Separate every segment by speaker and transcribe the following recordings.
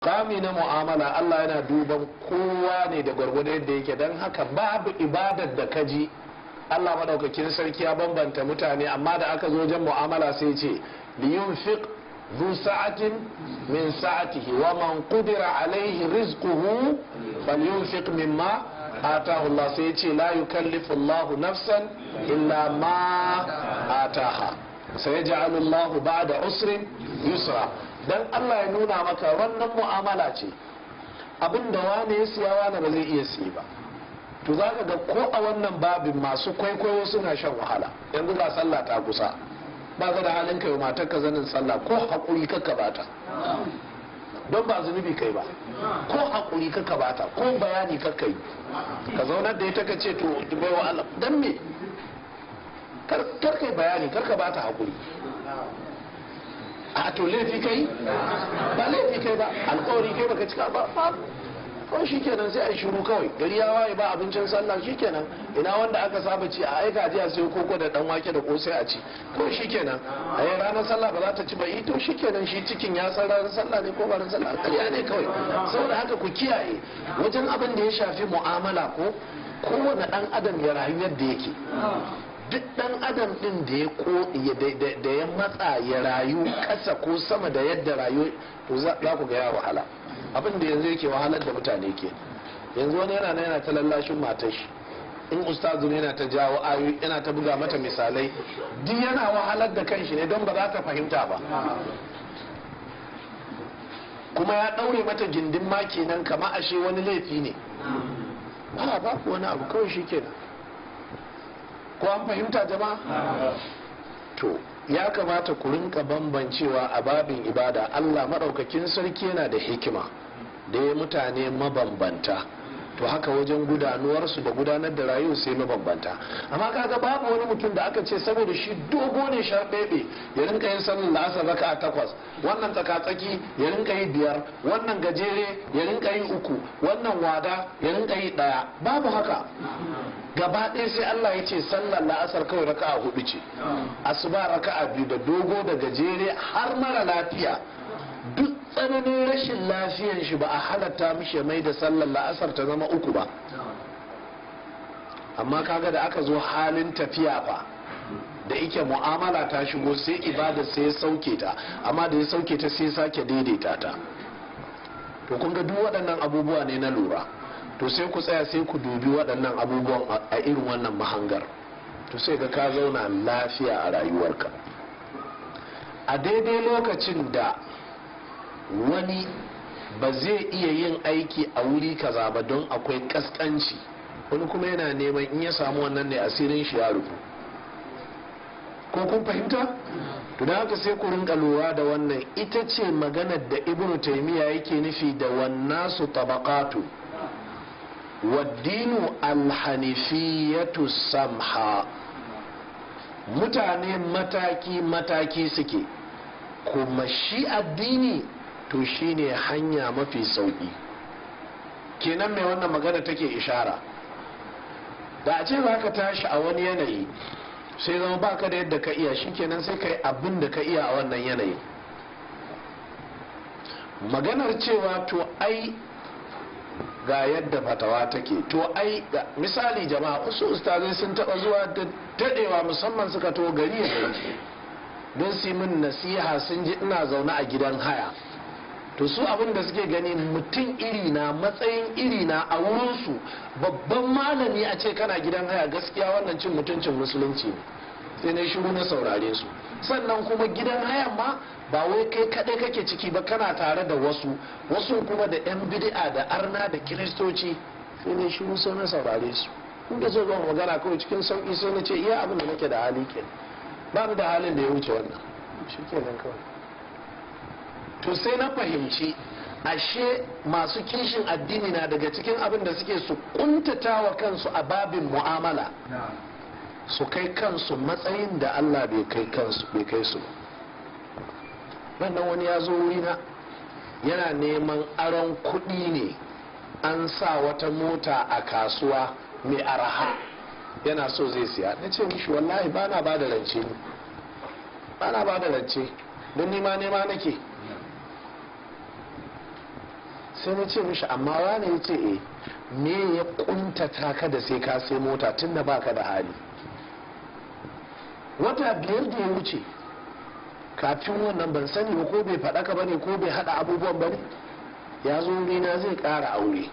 Speaker 1: Kami na mu'amala Allah yana duban kowa ne da gwargwadon yadda yake don haka babu ibadar da kaji Allah madaukakin sarki ya bambanta mutane amma da aka zo wajen mu'amala sai ce liyunfiq ذو سعة من سعته ومن قدر عليه رزقه فلينفق مما آتاه الله سيتي لا يكلف الله نفسا إلا ما آتاها sai ba ba'da usrin yusra dan Allah ya nuna maka wannan mu'amala ce abin da wane ya siya wani ba zai iya siya ba to za ka ga ko a wannan babin masu kwaikwayo suna shan wahala yanzu ba sallah ta kusa ba ka da halin kai matar ka zanin sallah ko haƙuri kaka bata don ba zunubi kai ba ko haƙuri kaka bata ko bayani kaka yi ka zaunar da ita ka ce to bai wa Allah dan me kar kai bayani kar ka bata hakuri a to laifi kai ba laifi kai ba alkawari kai baka cika ba ba kawai shikenan sai a shiru kawai gari ya waye ba abincin sallah shikenan ina wanda aka saba ci a aika jiya sai koko da dan wake da kosai a ci kawai shikenan a yi ranar sallah ba za ta ci ba ito eh shikenan shi cikin ya san ranar sallah ne ko ba ranar sallah ƙarya ne kawai saboda haka ku kiyaye wajen abin da ya shafi mu'amala ko kowane dan adam ya rayu yadda yake duk dan adam ɗin da ya ko da ya matsa ya rayu kasa ko sama da yadda rayu to za ku ga ya wahala abin da yanzu yake wahalar da mutane ke yanzu wani yana na yana ta lallashin matar shi in ustazu ne yana ta jawo ayoyi yana ta buga mata misalai duk yana wahalar da kanshi ne don ba za ta fahimta ba kuma ya ɗaure mata gindin ma kenan kama ashe wani laifi ne ba ba wani abu kawai shi kenan ko an fahimta jama'a to ya kamata ku rinka bambancewa a babin ibada allah maɗaukakin sarki yana da hikima da ya mutane mabambanta to haka wajen gudanuwarsu da gudanar da rayu sai mabambanta amma kaga babu wani mutum da aka ce saboda shi dogo ne sharɓeɓe ya rinka yin sallar la'asar raka a takwas wannan tsakatsaki ya rinka yi biyar wannan gajere ya rinka yi uku wannan wada ya rinka yi ɗaya babu haka gaba ɗaya sai Allah ya ce sallar la'asar kawai raka'a hudu ce asuba raka'a biyu da dogo da gajere har mara lafiya duk tsananin rashin lafiyan shi ba a halatta mishi ya mai da sallar la'asar ta zama uku ba amma kaga da aka zo halin tafiya fa da ike mu'amala ta shigo sai ibada sai ya sauke ta amma da ya sauke ta sai sake daidaita ta to kun ga duk waɗannan abubuwa ne na lura to sai ku tsaya sai ku dubi waɗannan abubuwan a irin wannan mahangar to sai ga ka zauna lafiya a rayuwarka a daidai lokacin da wani ba zai iya yin aiki a wuri kaza ba don akwai kaskanci wani kuma yana neman in ya samu wannan ne asirin shi ya rufu ko kun fahimta to da haka sai ku rinka lura da wannan ita ce maganar da ibnu taymiya yake nufi da wannasu tabakatu waddinu alhanifiyatu tusamha mutane mataki-mataki suke kuma shi addini to shine hanya mafi sauƙi kenan mai wannan magana take ishara da a ce ba ka tashi a wani yanayi sai zama baka da yadda ka iya kenan sai ka yi abin da ka iya a wannan yanayi maganar cewa to ai ga yadda fatawa take to ai misali jama'a wasu ustazai sun taba zuwa da dadewa musamman suka to gari ya don su min nasiha sun ji ina zaune a gidan haya to su abin da suke gani mutum iri na matsayin iri na a wurinsu babban malami a ce kana gidan haya gaskiya wannan cin mutuncin musulunci ne sai na yi shiru na saurare su sannan kuma gidan hayan ma ba wai kai kaɗai kake ciki ba kana tare da wasu wasu kuma da yan bid'a da arna da kiristoci sai ne shi sai na saurare su in da zo zan magana kawai cikin sauki sai na ce iya abin da nake da hali ke ba da halin da ya wuce wannan shi ke nan kawai to sai na fahimci ashe masu kishin addini na daga cikin abin da suke su kuntata wa kansu a babin mu'amala su kai kansu matsayin da allah bai kai kansu bai kai su wannan wani ya zo wurina yana neman aron kuɗi ne an sa wata mota a kasuwa mai araha yana so zai siya na ce mishi wallahi ba na ba da rance ne ba na ba da rance don nima nema nake sai na ce mishi amma wani ya ce e me ya kuntata ka da sai ka sai mota tun da baka da hali wata biyar da ya wuce kafin wannan ban sani ba ko bai faɗaka ba ne ko bai haɗa abubuwan ba ya zo na zai ƙara aure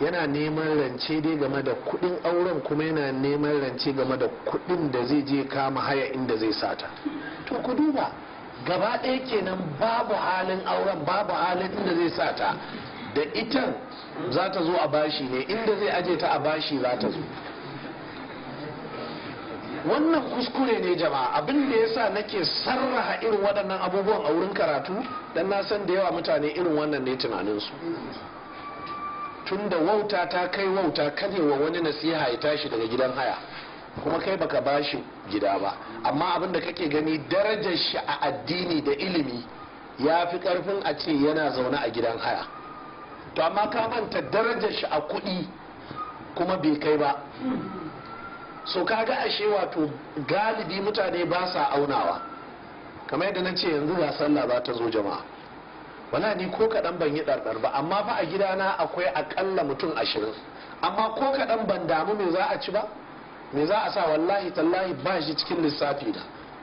Speaker 1: yana neman rance dai game da kuɗin auren kuma yana neman rance game da kuɗin da zai je kama haya inda zai sata to ku duba gaba ɗaya kenan babu halin auren babu halin inda zai sata da ita za ta zo a bashi ne inda zai aje ta a bashi za ta zo wannan kuskure ne jama'a abin da yasa nake sarraha irin waɗannan abubuwan a wurin karatu dan na san da yawa mutane irin wannan ne tunaninsu tun da wauta ta kai wauta kane wa wani nasiha ya tashi daga gidan haya kuma kai baka bashi gida ba amma abin da kake gani darajar shi a addini da ilimi ya fi karfin a ce yana zaune a gidan haya to amma ka manta darajar shi a kuɗi kuma bai kai ba so ka ga ashe wato galibi mutane ba sa aunawa kamar yadda na ce yanzu ba sallah ba ta zo jama'a wala ni ko kadan ban yi ɗarɗar ba amma fa a gidana akwai akalla mutum ashirin amma ko kadan ban damu me za a ci ba me za a sa wallahi tallahi ba shi cikin lissafi da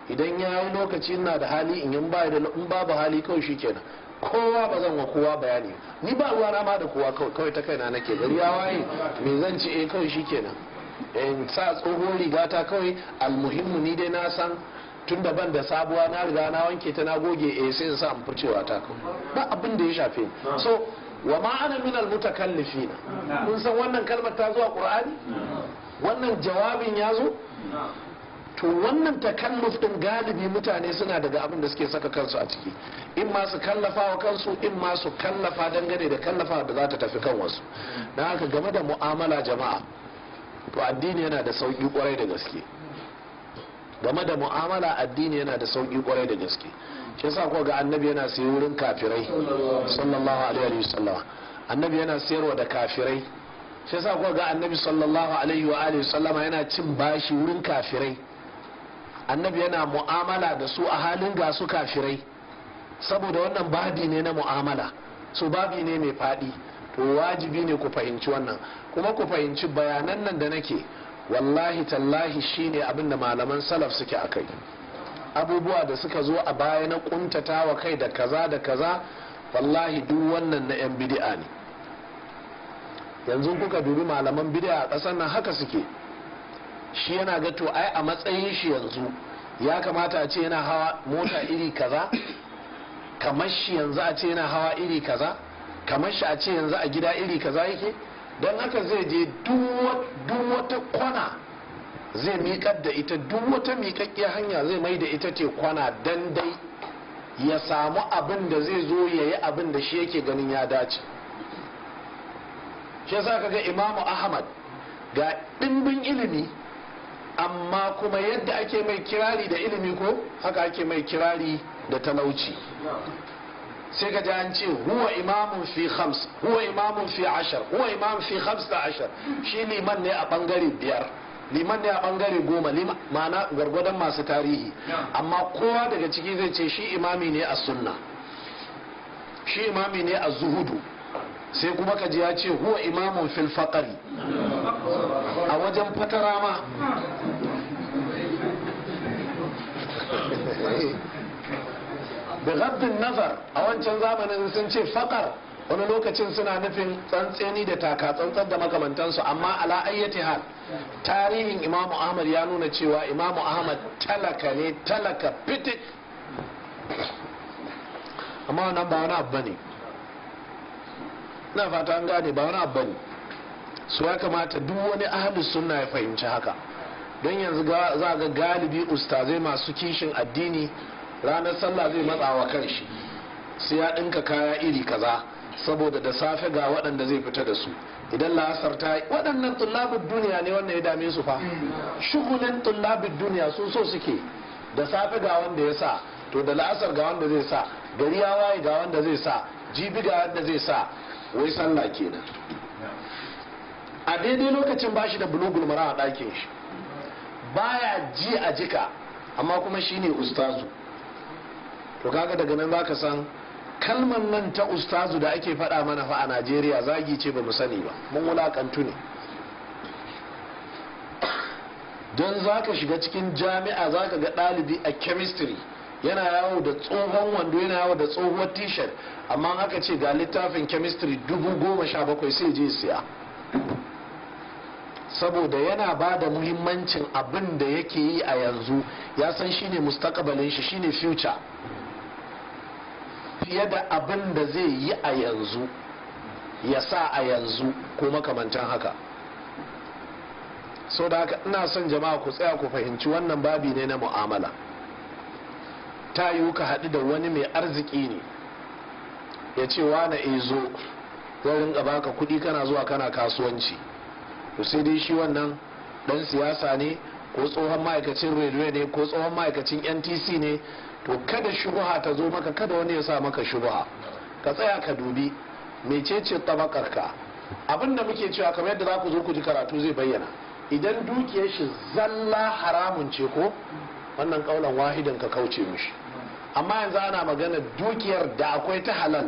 Speaker 1: idan ya yi lokaci na da hali in yin babu hali kawai shi kenan kowa ba zan wa kowa bayani ni ba ruwa na ma da kowa kawai ta kaina nake gari ya waye me zan ci e kawai shi kenan in eh, sa tsohon riga ta kawai almuhimmu ni dai na san tun da ban da sabuwa na riga na wanke ta na goge a eh, sai in sa in ficewa ta kawai ba abin da ya shafe so wa ma ana min na mun san wannan kalmar ta zuwa qur'ani wannan jawabin ya zo to wannan takalluf din galibi mutane suna daga abin da suke saka kansu a ciki in ma su kallafa wa kansu in ma su kallafa dangane da kallafa da za ta tafi kan wasu Na haka game da mu'amala jama'a to addini yana da sauki kwarai da gaske game da mu'amala addini yana da sauki kwarai da gaske shi yasa ko ga annabi yana sayi wurin kafirai sallallahu alaihi wa sallam annabi yana sayarwa da kafirai shi yasa ko ga annabi sallallahu alaihi wa alihi sallama yana cin bashi wurin kafirai annabi yana mu'amala da su a halin ga su kafirai saboda wannan babi ne na mu'amala so babi ne mai faɗi wajibi ne ku fahimci wannan kuma ku fahimci bayanan nan da nake wallahi tallahi shine abin da malaman salaf suke a kai abubuwa da suka zo a baya na kuntata wa kai da kaza da kaza wallahi duk wannan na 'yan bidi'a ne yanzu kuka dubi malaman bidi'a a ƙasar nan haka suke shi yana ga to ai a matsayin shi yanzu ya kamata a ce yana hawa mota iri kaza kamar shi yanzu a ce yana hawa iri kaza kamar shi a ce yanzu a gida iri kaza yake don haka zai je duk wata kwana zai miƙar da ita duk wata miƙaƙƙiyar hanya zai mai da ita ce kwana dan dai ya samu abin da zai zo ya yi abin da shi yake ganin ya dace shi ka ga imamu ahmad ga ɗimbin ilimi amma kuma yadda ake mai kirari da ilimi ko haka ake mai kirari da talauci sai ga an ce huwa imamun fi khams huwa imamun fi ashar huwa imamun fi khams da ashar shi liman ne a bangare biyar liman ne a bangare goma ma'ana gwargwadon masu tarihi amma kowa daga ciki zai ce shi imami ne a sunna shi imami ne a zuhudu sai kuma ka ji ya ce huwa imamun fil faqari a wajen fatara ma da gabdin nazar a wancan zamanin sun ce fakar wani lokacin suna nufin tsantseni da taka tsantsar da makamantansu amma ala ayyati hal tarihin imamu ahmad ya nuna cewa imamu ahmad talaka ne talaka fitik amma wannan ba wani abu ne na fata an gane ba wani abu ne su ya kamata duk wani ahli sunna ya fahimci haka don yanzu za ga galibi ustazai masu kishin addini ranar sallah zai matsa matsawa shi sai ya ɗinka kaya iri kaza saboda da safe ga waɗanda zai fita da su idan la'asar ta yi waɗannan tullabin duniya ne wannan ya dame su fa shugulin tullabin duniya sun so suke da safe ga wanda ya sa to da la'asar ga wanda zai sa gari ya waye ga wanda zai sa jibi ga wanda zai sa wai sallah kenan a daidai lokacin ba shi da bulugul mara a ɗakin shi baya ji a jika amma kuma shine ustazu to kaga daga nan zaka san kalmar nan ta ustazu da ake faɗa mana fa a najeriya zagi ce ba mu sani ba mun wulakantu ne don za ka shiga cikin jami'a za ka ga ɗalibi a chemistry yana yawo da tsohon wando yana yawo da tsohuwar t-shirt amma aka ce ga littafin chemistry dubu goma sha bakwai sai je siya saboda yana ba da muhimmancin abin da yake yi a yanzu ya san shine mustakabalin shi shine future fiye da abin da zai yi a yanzu ya sa a yanzu ko makamancin haka Sau da haka ina son jama'a ku tsaya ku fahimci wannan babi ne na mu'amala ta yiwu ka haɗu da wani mai arziki ne ya ce na izo eh, wurin gaba baka kuɗi kana zuwa kana kasuwanci to sai dai shi wannan ɗan siyasa ne ko tsohon ma'aikacin railway ne ko tsohon ma'aikacin ntc ne to kada shubuha ta zo maka kada wani ya sa maka shubuha ka tsaya ka dubi mecece tabakarka abin abinda muke cewa kamar yadda za ku zo ku ji karatu zai bayyana idan dukiyar shi zalla haramun ce ko wannan kaulan wahidan ka kauce mishi amma yanzu ana magana dukiyar da akwai ta halal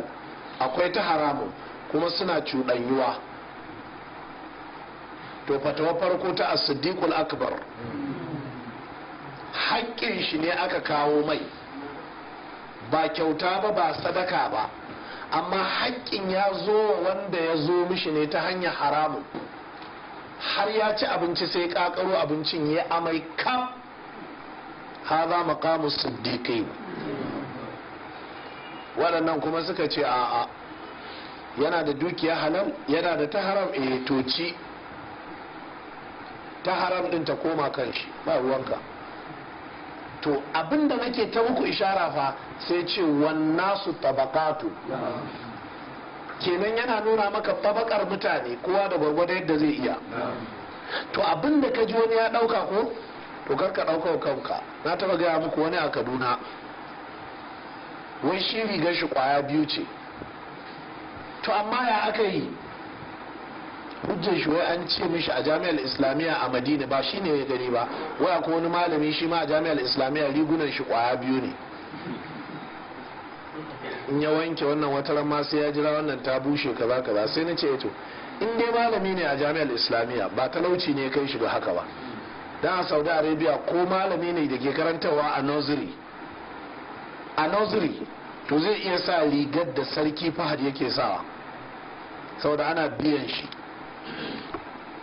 Speaker 1: akwai ta haramun kuma suna cuɗanyuwa to fatawa farko ta as-siddiqul akbar haƙƙin shi ne aka kawo mai ba kyauta ba ba sadaka ba amma haƙƙin ya zo wanda ya zo mishi ne ta hanyar haramun har ya ci abinci sai ƙaƙaro abincin ya amai kam haza maqamu siddiqin waɗannan kuma suka ce a'a yana da dukiya halal yana da ta haram eh, to ta haram din ta koma kan shi ba ruwanka to abinda nake ta muku ishara fa sai ce wannasu tabakatu kenan yana nuna maka tabakar mutane kowa da gwargwado yadda zai iya to abinda ka ji wani ya dauka ko to ka dauka kanka na taba gaya muku wani a kaduna wai shi rigar shi kwaya biyu ce to amma ya aka yi hujjar shi wai an ce mishi a jami'ar islamiyya a madina ba shi ne ya gani ba waya ko wani malami shi ma a jami'ar islamiyya rigunan shi kwaya biyu ne in ya wanke wannan wataran ma sai ya jira wannan ta bushe kaza kaza sai na ce eh to in dai malami ne a jami'ar islamiyya ba talauci ne kai shi ba haka ba dan a saudi arabia ko malami ne da ke karantarwa a nursery a nursery to zai iya sa rigar da sarki fahad yake sawa saboda ana biyan shi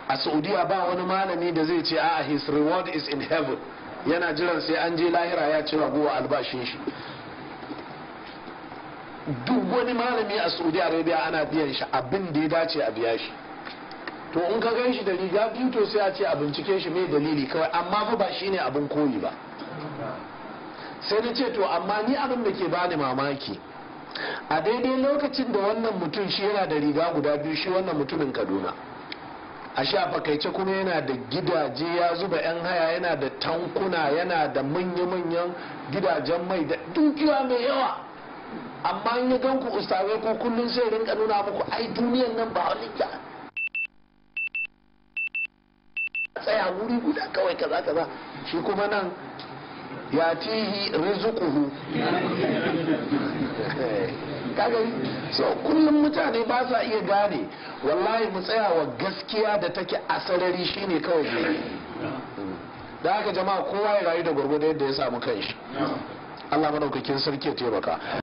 Speaker 1: a saudiya ba wani malami da zai ce a his reward is in heaven yana jiran sai an je lahira ya ci ragowa albashin shi duk wani malami a saudi arabia ana biyan shi abin da ya dace a biya shi to in ka gan shi da riga biyu to sai a ce a bincike shi mai dalili kawai amma fa ba shine abin koyi ba sai na ce to amma ni abin da ke bani mamaki a daidai lokacin da wannan mutum shi yana da riga guda biyu shi wannan mutumin kaduna a sha fakaice kuma yana da gidaje ya zuba 'yan haya yana da tankuna yana da manya-manyan gidajen mai da dukiya mai yawa amma in ya ganku ustawe ko kullum sai rinka nuna muku ai duniyan nan ba wani ta tsaya wuri guda kawai kaza kaza shi kuma nan yatihi rizukuhu kagari so kullum mutane ba sa iya gane wallahi mu tsaya wa gaskiya da take asarari shine kawai da haka jama'a kowa ya rayu da gwargwado yadda ya samu kanshi Allah maɗaukakin sarki ya taimaka